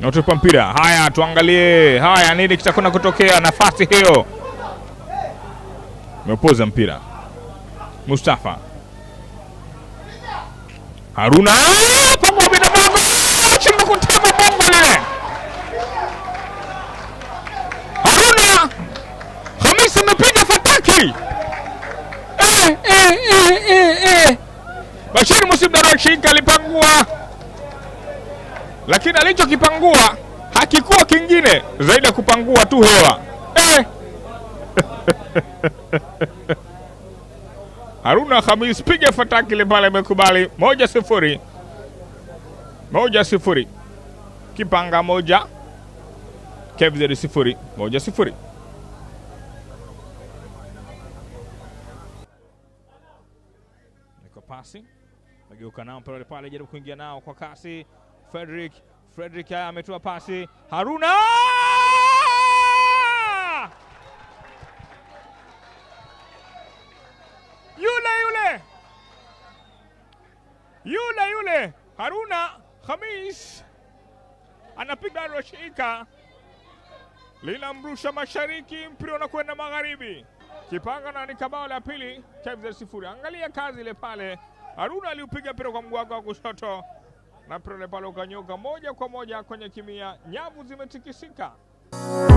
Natupa mpira. Haya, tuangalie haya, nini kitakwenda kutokea? Nafasi hiyo mepoza mpira. Mustafa Haruna pamoja na bongo chimba kutema bongo lile. Haruna Hamisi amepiga fataki eh, eh, eh, eh, eh. Bashiri Musib Darashik alipangua lakini alichokipangua hakikuwa kingine zaidi ya kupangua tu hewa eh. Haruna Khamis, piga fataki ile pale, imekubali moja sifuri, moja sifuri, kipanga moja KVZ sifuri, moja sifuri. Niko passing, nageuka nao pale pale, jaribu kuingia nao kwa kasi. Frederick Frederick haya ametoa pasi Haruna yule yule yule yule Haruna Khamis anapiga roshika, linamrusha mashariki, mpira unakwenda magharibi. Kipanga na ni la pili, KMZ sifuri. Angalia kazi ile pale, Haruna aliupiga mpira kwa mguu wake wa kushoto na pale pale moja kwa moja kwenye kimia, nyavu zimetikisika.